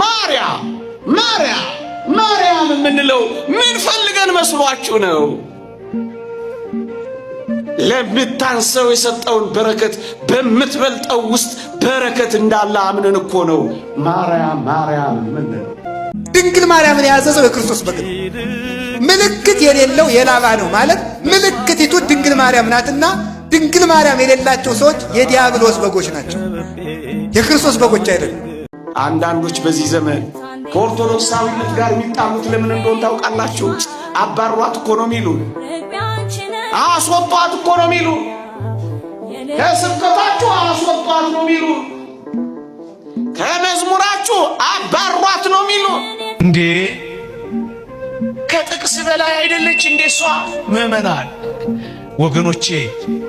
ማርያ ማርያ ማርያም የምንለው ምን ፈልገን መስሏችሁ ነው? ለምታንሰው የሰጠውን በረከት በምትበልጠው ውስጥ በረከት እንዳለ አምነን እኮ ነው ማርያም ማርያም የምንለው። ድንግል ማርያምን የያዘ ሰው የክርስቶስ በግ ምልክት የሌለው የላባ ነው ማለት ምልክቲቱ ድንግል ማርያም ናትና፣ ድንግል ማርያም የሌላቸው ሰዎች የዲያብሎስ በጎች ናቸው፣ የክርስቶስ በጎች አይደሉም። አንዳንዶች በዚህ ዘመን ከኦርቶዶክሳዊነት ጋር የሚጣሉት ለምን እንደሆን ታውቃላችሁ? አባሯት እኮ ነው የሚሉ፣ አስወጧት እኮ ነው ሚሉ፣ ከስብከታችሁ አስወጧት ነው የሚሉ፣ ከመዝሙራችሁ አባሯት ነው የሚሉ። እንዴ ከጥቅስ በላይ አይደለች እንዴ እሷ ምእመናን ወገኖቼ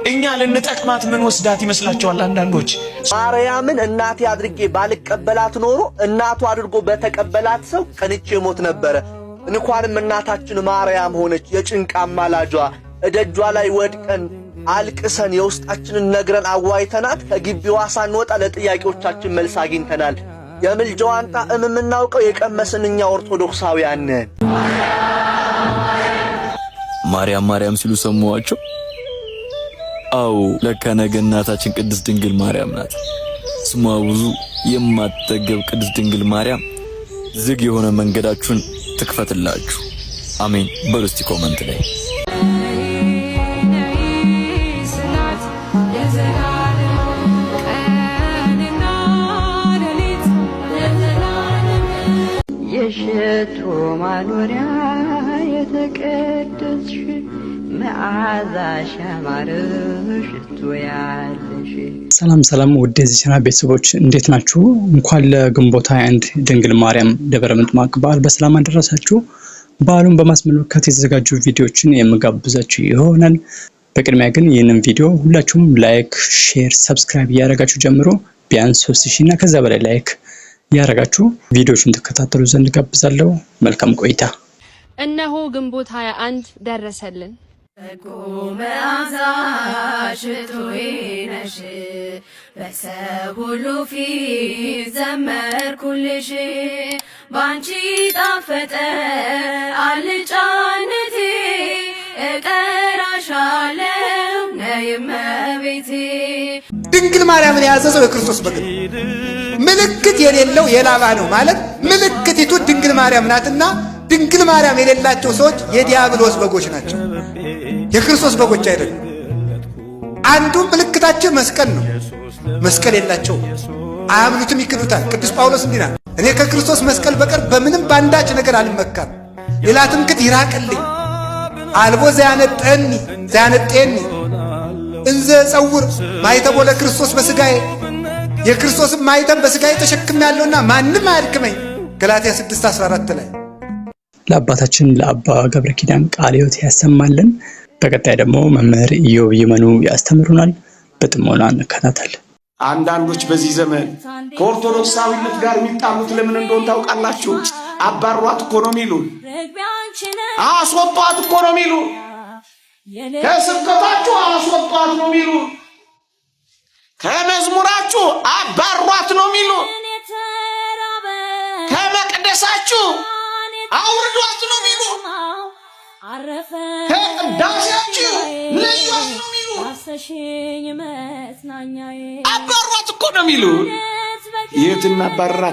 እኛ ልንጠቅማት ምን ወስዳት ይመስላቸዋል? አንዳንዶች ማርያምን እናቴ አድርጌ ባልቀበላት ኖሮ እናቱ አድርጎ በተቀበላት ሰው ቀንቼ ሞት ነበረ። እንኳንም እናታችን ማርያም ሆነች የጭንቅ አማላጇ። እደጇ ላይ ወድቀን አልቅሰን የውስጣችንን ነግረን አዋይተናት ከግቢዋ ሳንወጣ ለጥያቄዎቻችን መልስ አግኝተናል። የምልጃዋን ጣዕም የምናውቀው የቀመስን እኛ ኦርቶዶክሳውያን ነን። ማርያም ማርያም ሲሉ ሰማዋቸው። አዎ ለካ ነገ እናታችን ቅድስት ድንግል ማርያም ናት። ስሟ ብዙ የማትጠገብ ቅድስት ድንግል ማርያም ዝግ የሆነ መንገዳችሁን ትክፈትላችሁ። አሜን በሉ እስቲ ኮመንት ላይ የሽቶ ማኖሪያ የተቀደስሽ መዓዛሽ ያማረ ያለሽ። ሰላም ሰላም፣ ውድ የዚህ ቻናል ቤተሰቦች እንዴት ናችሁ? እንኳን ለግንቦት ሃያ አንድ ድንግል ማርያም ደብረ ምጥማቅ በዓል በሰላም አደረሳችሁ። በዓሉን በማስመልከት የተዘጋጁ ቪዲዮዎችን የምጋብዛችሁ ይሆናል። በቅድሚያ ግን ይህንን ቪዲዮ ሁላችሁም ላይክ፣ ሼር፣ ሰብስክራይብ እያደረጋችሁ ጀምሮ ቢያንስ ሶስት ሺህ እና ከዛ በላይ ላይክ ያደረጋችሁ ቪዲዮዎችን ተከታተሉ ዘንድ ጋብዛለሁ። መልካም ቆይታ። እነሆ ግንቦት 21 ደረሰልን። በጎ መዓዛ ሽቶዬ ነሽ፣ በሰው ሁሉ ፊት ዘመርኩልሽ። ባንቺ ጣፈጠ አልጫነቴ፣ እጠራሻለሁ ነይመቤቴ። ድንግል ማርያምን የያዘ ሰው የክርስቶስ በግ ነው። ምልክት የሌለው የላባ ነው ማለት ምልክቲቱ ድንግል ማርያም ናትና ድንግል ማርያም የሌላቸው ሰዎች የዲያብሎስ በጎች ናቸው፣ የክርስቶስ በጎች አይደሉም። አንዱ ምልክታቸው መስቀል ነው። መስቀል የላቸው አያምኑትም፣ ይክዱታል። ቅዱስ ጳውሎስ እንዲና እኔ ከክርስቶስ መስቀል በቀር በምንም በአንዳች ነገር አልመካም፣ ሌላ ትምክት ይራቅልኝ። አልቦ ዘያነጠኒ ዘያነጤኒ እንዘ ጸውር ማይተቦለ ክርስቶስ በሥጋዬ የክርስቶስን ማይተን በስጋ የተሸክም ያለውና ማንም አያድክመኝ። ገላትያ 6:14 ላይ ለአባታችን ለአባ ገብረ ኪዳን ቃለ ሕይወት ያሰማልን። በቀጣይ ደግሞ መምህር ኢዮብ ይመኑ ያስተምሩናል። በጥሞና እንከታተል። አንዳንዶች በዚህ ዘመን ከኦርቶዶክሳዊነት ጋር የሚጣሉት ለምን እንደሆን ታውቃላችሁ? አባሯት እኮ ነው የሚሉን፣ አስወጧት እኮ ነው የሚሉን፣ ከስብከታችሁ አስወጧት ነው የሚሉን። ከመዝሙራችሁ አባሯት ነው የሚሉ፣ ከመቅደሳችሁ አውርዷት ነው የሚሉ፣ ከቅዳሴያችሁ ነው የሚሉ። አባሯት እኮ ነው የሚሉ። የት አለ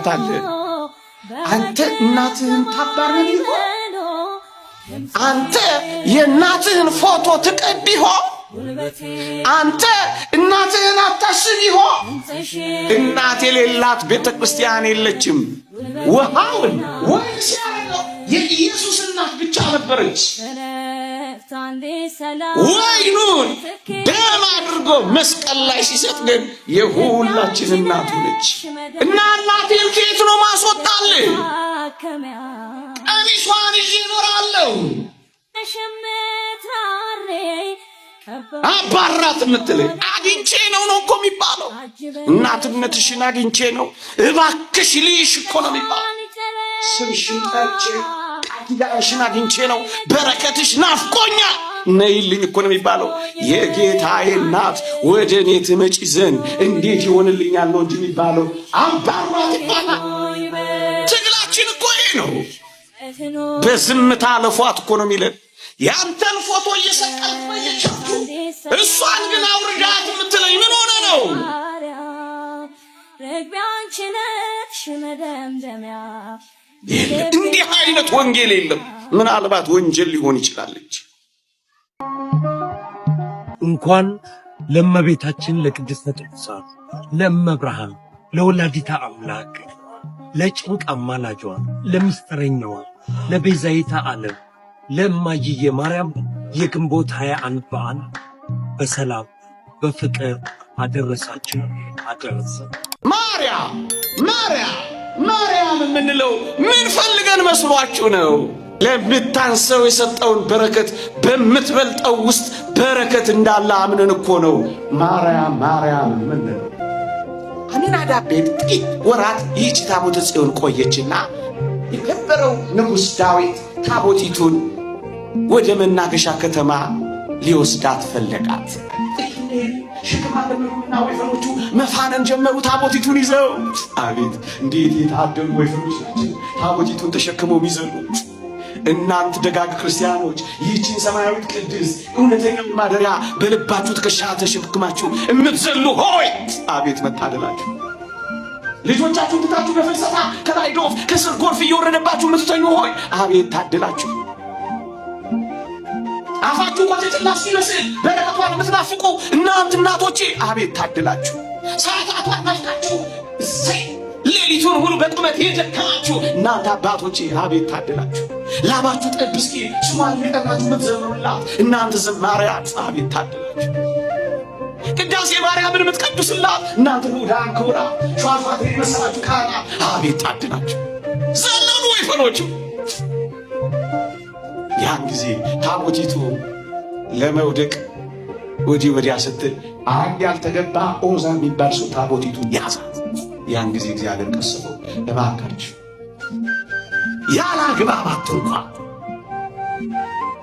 አንተ እናትህን ታባር ይሆን? አንተ የእናትህን ፎቶ ትቀድ ይሆን? አንተ እናትህን አታስብ ይሆ እናት የሌላት ቤተ ክርስቲያን የለችም። ውሃውን ወይ ሲያረገው የኢየሱስ እናት ብቻ ነበረች። ወይኑን ደም አድርጎ መስቀል ላይ ሲሰጥ ግን የሁላችን እናት ሆነች እና እናቴን ከየት ነው ማስወጣል? ቀሚሷን ይዤ እኖራለሁ አባራት ምትል አግኝቼ ነው ነው እኮ የሚባለው። እናትነትሽን አግኝቼ ነው እባክሽ ልይሽ እኮ ነው የሚባለው። ስምሽን ጠርቼ ቃልኪዳንሽን አግኝቼ ነው በረከትሽ ናፍቆኛል ነይልኝ እኮ ነው የሚባለው። የጌታዬ እናት ወደ እኔ ትመጪ ዘንድ እንዴት ይሆንልኛል ነው እንጂ የሚባለው። አባራት ይባላል። ትግላችን እኮ ይሄ ነው። በዝምታ ለፏት እኮ ነው የሚለን ያንተን ፎቶ እየሰቀል እሷን ግን አውርዳት የምትለኝ ምን ሆነ ነው? እንዲህ አይነት ወንጌል የለም። ምናልባት ወንጀል ሊሆን ይችላለች። እንኳን ለመቤታችን ለቅድስተ ቅዱሳን ለእመብርሃን ለወላዲታ አምላክ ለጭንቅ አማላጇ ለምስጥረኛዋ ለቤዛይታ ዓለም ለማይዬ ማርያም የግንቦት 21 በዓል በሰላም በፍቅር አደረሳችሁ አደረሰ። ማርያም ማርያም ማርያም የምንለው ምን ፈልገን መስሏችሁ ነው? ለምታንሰው የሰጠውን በረከት በምትበልጠው ውስጥ በረከት እንዳለ አምነን እኮ ነው ማርያም ማርያም የምንለው። አሚናዳብ ጥቂት ወራት ይህች ታቦተ ጽዮን ቆየችና የከበረው ንጉሥ ዳዊት ታቦቲቱን ወደ መናገሻ ከተማ ሊወስዳት ፈለቃት። ሽማግሌውና ወይፈኖቹ መፋነን ጀመሩ። ታቦቲቱን ይዘው አቤት እንዴት የታደሙ ወይፈኖች ናቸው! ታቦቲቱን ተሸክመው ሚዘሉ እናንት ደጋግ ክርስቲያኖች ይህችን ሰማያዊት ቅድስት እውነተኛውን ማደሪያ በልባችሁ ትከሻ ተሸክማችሁ የምትዘሉ ሆይ አቤት መታደላችሁ! ልጆቻችሁን ትታችሁ በፍልሰታ ከላይ ዶፍ ከስር ጎርፍ እየወረደባችሁ የምትተኙ ሆይ አቤት ታደላችሁ! አፋችሁ ቆጭጭላ ሲመስል በረከቷን የምትናፍቁ እናንት እናቶቼ አቤት ታድላችሁ። ሰዓታቷን ናፍቃችሁ እሰይ ሌሊቱን ሁሉ በቁመት የደከማችሁ እናንተ አባቶቼ አቤት ታድላችሁ። ላባችሁ ጠብ እስኪ ስሟን የጠራችሁ የምትዘምሩላት እናንተ ዘማሪያት አቤት ታድላችሁ። ቅዳሴ ማርያምን የምትቀድሱላት እናንተ ሁዳን ክቡራ ሸዋሸዋት የመሰላችሁ ካህናት አቤት ታድላችሁ። ዘለሉ ወይፈኖቹ ያን ጊዜ ታቦቲቱ ለመውደቅ ወዲህ ወዲያ ስትል አንድ ያልተገባ ኦዛ የሚባል ሰው ታቦቲቱ ያዛት። ያን ጊዜ እግዚአብሔር ቀስቦ እባካችሁ ያለ አግባብ አትንኳ።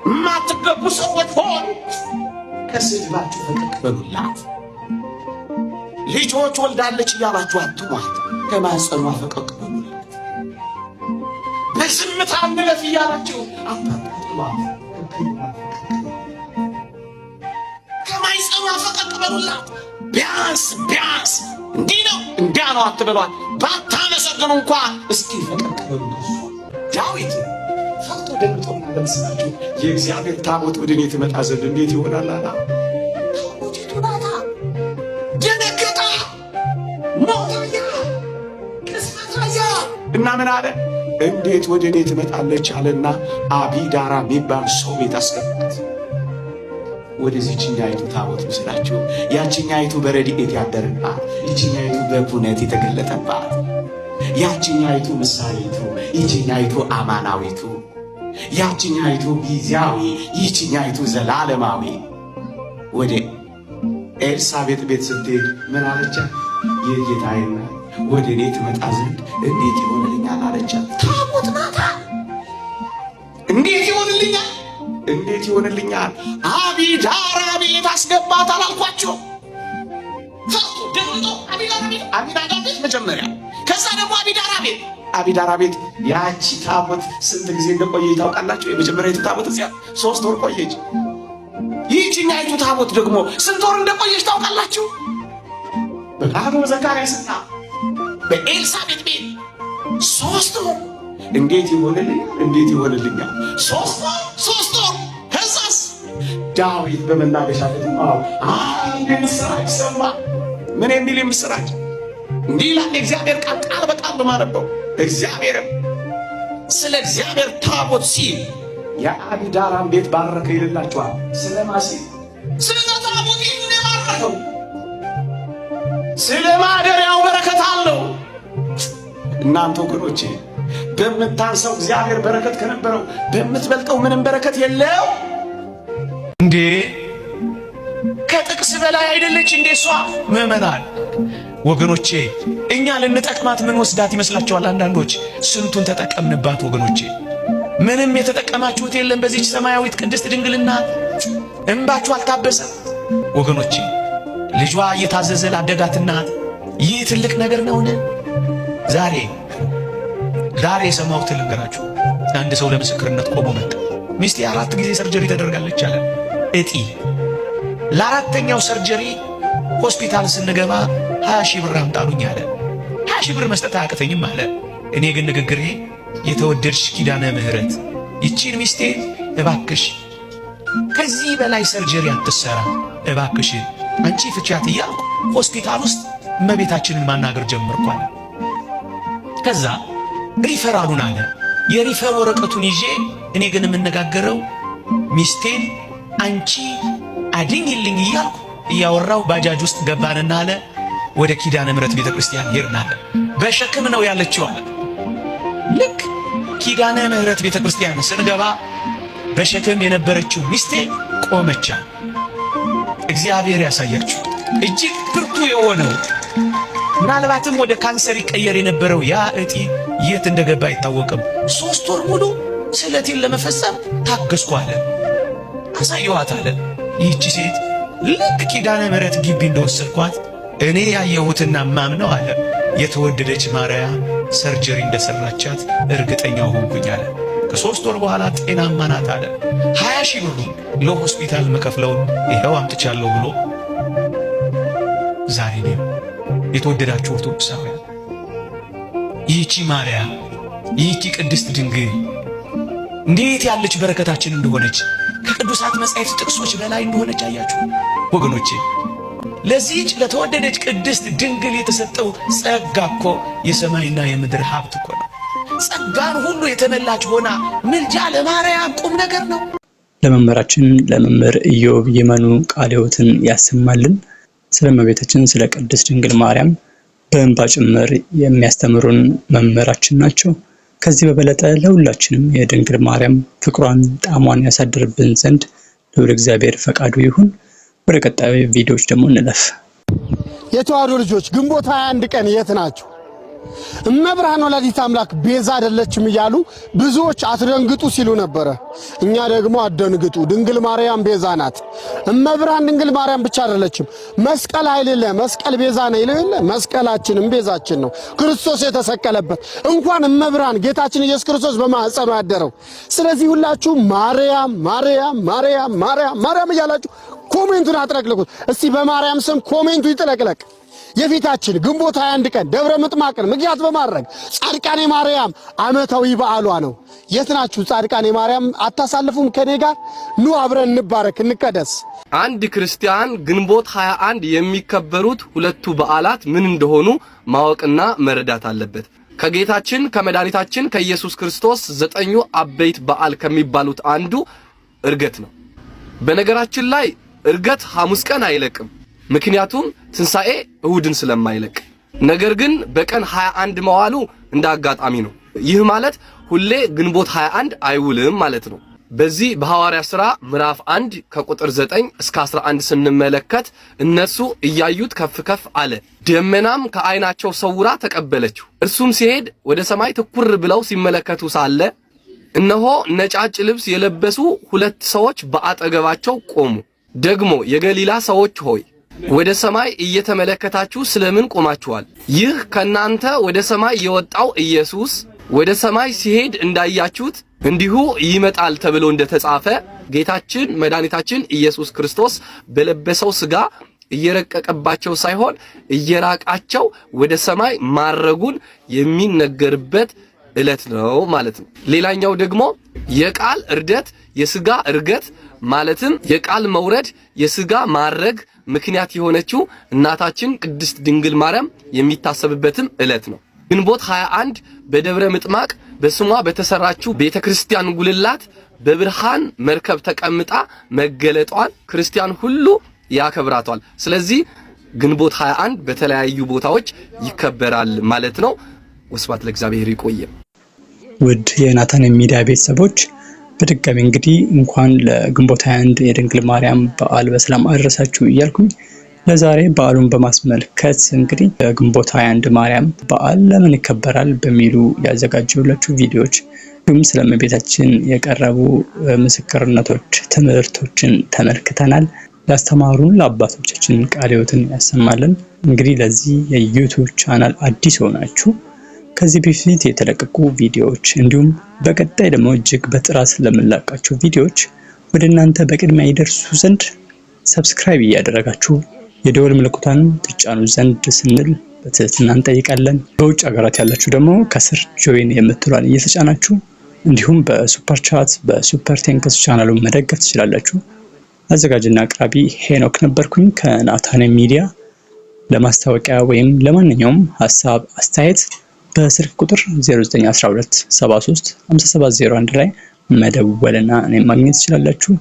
የማትገቡ ሰዎች ሆን ከስድባችሁ ፈቀቅ በሉላት። ልጆች ወልዳለች እያላችሁ አትሟት። ከማጸኗ ፈቀቅ በሉላት። በዝምታ እንለፍ እያላችሁ ከማይጸኗ ፈቀቅ በሉላት። ቢያንስ ቢያንስ እንዲህ ነው እንዲያ ነው አትበሏት። ባታመሰግኑ እንኳ እስኪ ፈቀቅ በሉላት። ዳዊት ፈቅቶ ደንግጦ ለምስላችሁ የእግዚአብሔር ታቦት ወደ እኔ ትመጣ ዘንድ እንዴት ይሆናል አላ ደነገጣ ሞታያ ቅስፈታያ እና ምን አለ እንዴት ወደ እኔ ትመጣለች አለና አቢዳራ የሚባል ሰው ቤት አስገባት። ወደዚህ ችኛይቱ ታቦት ምስላችሁ ያችኛይቱ በረድኤት ያደርባት፣ ይችኛይቱ በቡነት የተገለጠባት፣ ያችኛይቱ ምሳሌቱ፣ ይችኛይቱ አማናዊቱ፣ ያችኛይቱ ጊዜያዊ፣ ይችኛይቱ ዘላለማዊ ወደ ኤልሳቤጥ ቤት ስትሄድ ምን አለቻት? ይህ ወደ እኔ ትመጣ ዘንድ እንዴት ይሆንልኛል አለቻት። ታሞት ናታ። እንዴት ይሆንልኛል? እንዴት ይሆንልኛል? አቢዳራ ቤት አስገባት አላልኳቸው? ደምጦ አቢዳራ ቤት አቢዳራ ቤት መጀመሪያ፣ ከዛ ደግሞ አቢዳራ ቤት አቢዳራ ቤት። ያቺ ታቦት ስንት ጊዜ እንደቆየች ታውቃላችሁ? የመጀመሪያቱ ታቦት እዚያ ሶስት ወር ቆየች። ይህችኛይቱ ታቦት ደግሞ ስንት ወር እንደቆየች ታውቃላችሁ? በካህኑ ዘካርያስና በኤልሳቤጥ ቤት ሶስት ወር እንዴት ይሆንልኝ እንዴት ይሆንልኛል? ሶስት ወር ሶስት ወር ከዛስ ዳዊት በመናገሻለት አንድ ምስራች ሰማ። ምን የሚል ምስራች? እንዲህ ይላል የእግዚአብሔር ቃል ቃል በቃል በማነበው እግዚአብሔርም ስለ እግዚአብሔር ታቦት ሲል የአቢዳራን ቤት ባረከ ይልላችኋል። ስለ ማሴ ስለ ታቦት ይህን የባረከው ስለ ማደ እናንተ ወገኖቼ በምታንሰው እግዚአብሔር በረከት ከነበረው በምትበልጠው ምንም በረከት የለው እንዴ? ከጥቅስ በላይ አይደለች እንዴ? እሷ ምእመናን ወገኖቼ እኛ ልንጠቅማት ምን ወስዳት ይመስላችኋል? አንዳንዶች ስንቱን ተጠቀምንባት ወገኖቼ። ምንም የተጠቀማችሁት የለም በዚች ሰማያዊት ቅድስት ድንግልና። እንባችሁ አልታበሰ ወገኖቼ። ልጇ እየታዘዘ ላደጋት እናት ይህ ትልቅ ነገር ነውን? ዛሬ ዛሬ የሰማሁትን ልንገራችሁ። አንድ ሰው ለምስክርነት ቆሞ መጣ። ሚስቴ አራት ጊዜ ሰርጀሪ ተደርጋለች አለ። እጢ ለአራተኛው ሰርጀሪ ሆስፒታል ስንገባ ሀያ ሺህ ብር አምጣሉኝ አለ። ሀያ ሺህ ብር መስጠት አያቅተኝም አለ። እኔ ግን ንግግሬ የተወደድሽ ኪዳነ ምሕረት ይቺን ሚስቴ እባክሽ ከዚህ በላይ ሰርጀሪ አትሰራ እባክሽ አንቺ ፍቻት እያልኩ ሆስፒታል ውስጥ እመቤታችንን ማናገር ጀምርኳል። ከዛ ሪፈራሉን አለ። የሪፈር ወረቀቱን ይዤ እኔ ግን የምነጋገረው ሚስቴን አንቺ አድኝልኝ እያልኩ እያወራው ባጃጅ ውስጥ ገባንና አለ ወደ ኪዳነ ምሕረት ቤተ ክርስቲያን ሄድን አለ። በሸክም ነው ያለችው አለ። ልክ ኪዳነ ምሕረት ቤተ ክርስቲያን ስንገባ በሸክም የነበረችው ሚስቴ ቆመቻ። እግዚአብሔር ያሳያችሁ እጅግ ብርቱ የሆነው ምናልባትም ወደ ካንሰር ይቀየር የነበረው ያ እጢ የት እንደገባ አይታወቅም። ሶስት ወር ሙሉ ስለቴን ለመፈጸም ታገስኩ አለ። አሳየኋት አለ። ይህቺ ሴት ልክ ኪዳነ ምሕረት ግቢ እንደወሰድኳት እኔ ያየሁትና ማምነው አለ የተወደደች ማርያም ሰርጀሪ እንደሰራቻት እርግጠኛ ሆንኩኝ አለ። ከሶስት ወር በኋላ ጤናማ ናት አለ። ሀያ ሺህ ብሩ ለሆስፒታል መከፍለውን ይኸው አምጥቻለሁ ብሎ ዛሬ የተወደዳችሁ ኦርቶዶክሳውያን ይህቺ ማርያም ይህቺ ቅድስት ድንግል እንዴት ያለች በረከታችን እንደሆነች ከቅዱሳት መጻሕፍት ጥቅሶች በላይ እንደሆነች አያችሁ ወገኖቼ። ለዚህች ለተወደደች ቅድስት ድንግል የተሰጠው ጸጋ እኮ የሰማይና የምድር ሀብት እኮ ነው። ጸጋን ሁሉ የተመላች ሆና ምልጃ ለማርያም ቁም ነገር ነው። ለመምህራችን ለመምህር ኢዮብ የመኑ ቃለ ሕይወትን ያሰማልን። ስለ እመቤታችን ስለ ቅድስት ድንግል ማርያም በእንባ ጭምር የሚያስተምሩን መምህራችን ናቸው። ከዚህ በበለጠ ለሁላችንም የድንግል ማርያም ፍቅሯን፣ ጣዕሟን ያሳድርብን ዘንድ ልዑል እግዚአብሔር ፈቃዱ ይሁን። ወደ ቀጣዩ ቪዲዮዎች ደግሞ እንለፍ። የተዋሕዶ ልጆች ግንቦት 21 ቀን የት ናችሁ? እመብርሃን ወላዲት አምላክ ቤዛ አይደለችም እያሉ ብዙዎች አትደንግጡ ሲሉ ነበረ። እኛ ደግሞ አትደንግጡ፣ ድንግል ማርያም ቤዛ ናት። እመብርሃን ድንግል ማርያም ብቻ አይደለችም። መስቀል ኃይል የለ መስቀል ቤዛ ነው ይል የለ መስቀላችንም ቤዛችን ነው። ክርስቶስ የተሰቀለበት እንኳን እመብርሃን ጌታችን ኢየሱስ ክርስቶስ በማህፀኑ ያደረው። ስለዚህ ሁላችሁ ማርያም ማርያም ማርያም ማርያም ማርያም እያላችሁ ኮሜንቱን አጥለቅልቁት እስቲ። በማርያም ስም ኮሜንቱ ይጥለቅለቅ። የፊታችን ግንቦት 21 ቀን ደብረ ምጥማቅን ምክንያት በማድረግ ጻድቃኔ ማርያም ዓመታዊ በዓሏ ነው። የት ናችሁ? ጻድቃኔ ማርያም አታሳልፉም? ከኔ ጋር ኑ አብረን እንባረክ፣ እንቀደስ። አንድ ክርስቲያን ግንቦት 21 የሚከበሩት ሁለቱ በዓላት ምን እንደሆኑ ማወቅና መረዳት አለበት። ከጌታችን ከመድኃኒታችን ከኢየሱስ ክርስቶስ ዘጠኙ አበይት በዓል ከሚባሉት አንዱ እርገት ነው። በነገራችን ላይ እርገት ሐሙስ ቀን አይለቅም። ምክንያቱም ትንሣኤ እሁድን ስለማይለቅ ነገር ግን በቀን 21 መዋሉ እንደ አጋጣሚ ነው። ይህ ማለት ሁሌ ግንቦት 21 አይውልም ማለት ነው። በዚህ በሐዋርያ ሥራ ምዕራፍ 1 ከቁጥር 9 እስከ 11 ስንመለከት እነሱ እያዩት ከፍ ከፍ አለ፣ ደመናም ከዓይናቸው ሰውራ ተቀበለችው። እርሱም ሲሄድ ወደ ሰማይ ትኩር ብለው ሲመለከቱ ሳለ እነሆ ነጫጭ ልብስ የለበሱ ሁለት ሰዎች በአጠገባቸው ቆሙ። ደግሞ የገሊላ ሰዎች ሆይ ወደ ሰማይ እየተመለከታችሁ ስለምን ቆማችኋል? ይህ ከናንተ ወደ ሰማይ የወጣው ኢየሱስ ወደ ሰማይ ሲሄድ እንዳያችሁት እንዲሁ ይመጣል ተብሎ እንደተጻፈ ጌታችን መድኃኒታችን ኢየሱስ ክርስቶስ በለበሰው ሥጋ እየረቀቀባቸው ሳይሆን እየራቃቸው ወደ ሰማይ ማረጉን የሚነገርበት ዕለት ነው ማለት ነው። ሌላኛው ደግሞ የቃል እርደት፣ የሥጋ እርገት ማለትም የቃል መውረድ የስጋ ማረግ ምክንያት የሆነችው እናታችን ቅድስት ድንግል ማርያም የሚታሰብበትም ዕለት ነው። ግንቦት 21 በደብረ ምጥማቅ በስሟ በተሰራችው ቤተክርስቲያን ጉልላት በብርሃን መርከብ ተቀምጣ መገለጧን ክርስቲያን ሁሉ ያከብራቷል። ስለዚህ ግንቦት 21 በተለያዩ ቦታዎች ይከበራል ማለት ነው። ወስብሐት ለእግዚአብሔር። ይቆየ ውድ የናታን ሚዲያ ቤተሰቦች በድጋሚ እንግዲህ እንኳን ለግንቦት 21 የድንግል ማርያም በዓል በሰላም አደረሳችሁ እያልኩኝ ለዛሬ በዓሉን በማስመልከት እንግዲህ ግንቦት 21 ማርያም በዓል ለምን ይከበራል በሚሉ ያዘጋጀሁላችሁ ቪዲዮዎች እንዲሁም ስለ እመቤታችን የቀረቡ ምስክርነቶች፣ ትምህርቶችን ተመልክተናል። ላስተማሩን ለአባቶቻችን ቃለ ሕይወትን ያሰማልን። እንግዲህ ለዚህ የዩቱብ ቻናል አዲስ ሆናችሁ ከዚህ በፊት የተለቀቁ ቪዲዮዎች እንዲሁም በቀጣይ ደግሞ እጅግ በጥራት ስለምንለቃቸው ቪዲዮዎች ወደ እናንተ በቅድሚያ ይደርሱ ዘንድ ሰብስክራይብ እያደረጋችሁ የደወል ምልክቷን ትጫኑ ዘንድ ስንል በትህትና እንጠይቃለን። በውጭ ሀገራት ያላችሁ ደግሞ ከስር ጆይን የምትሏን እየተጫናችሁ እንዲሁም በሱፐር ቻት በሱፐር ቴንክስ ቻናሉን መደገፍ ትችላላችሁ። አዘጋጅና አቅራቢ ሄኖክ ነበርኩኝ ከናታን ሚዲያ። ለማስታወቂያ ወይም ለማንኛውም ሀሳብ አስተያየት በስልክ ቁጥር 0912735701 ላይ መደወልና እኔ ማግኘት ትችላላችሁ።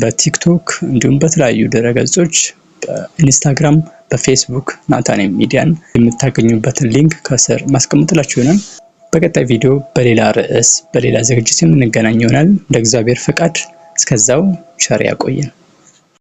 በቲክቶክ እንዲሁም በተለያዩ ድረገጾች በኢንስታግራም፣ በፌስቡክ ናታኔ ሚዲያን የምታገኙበትን ሊንክ ከስር ማስቀምጥላችሁ ይሆናል። በቀጣይ ቪዲዮ በሌላ ርዕስ በሌላ ዝግጅት የምንገናኝ ይሆናል። እንደ እግዚአብሔር ፈቃድ እስከዛው ቸር ያቆየን።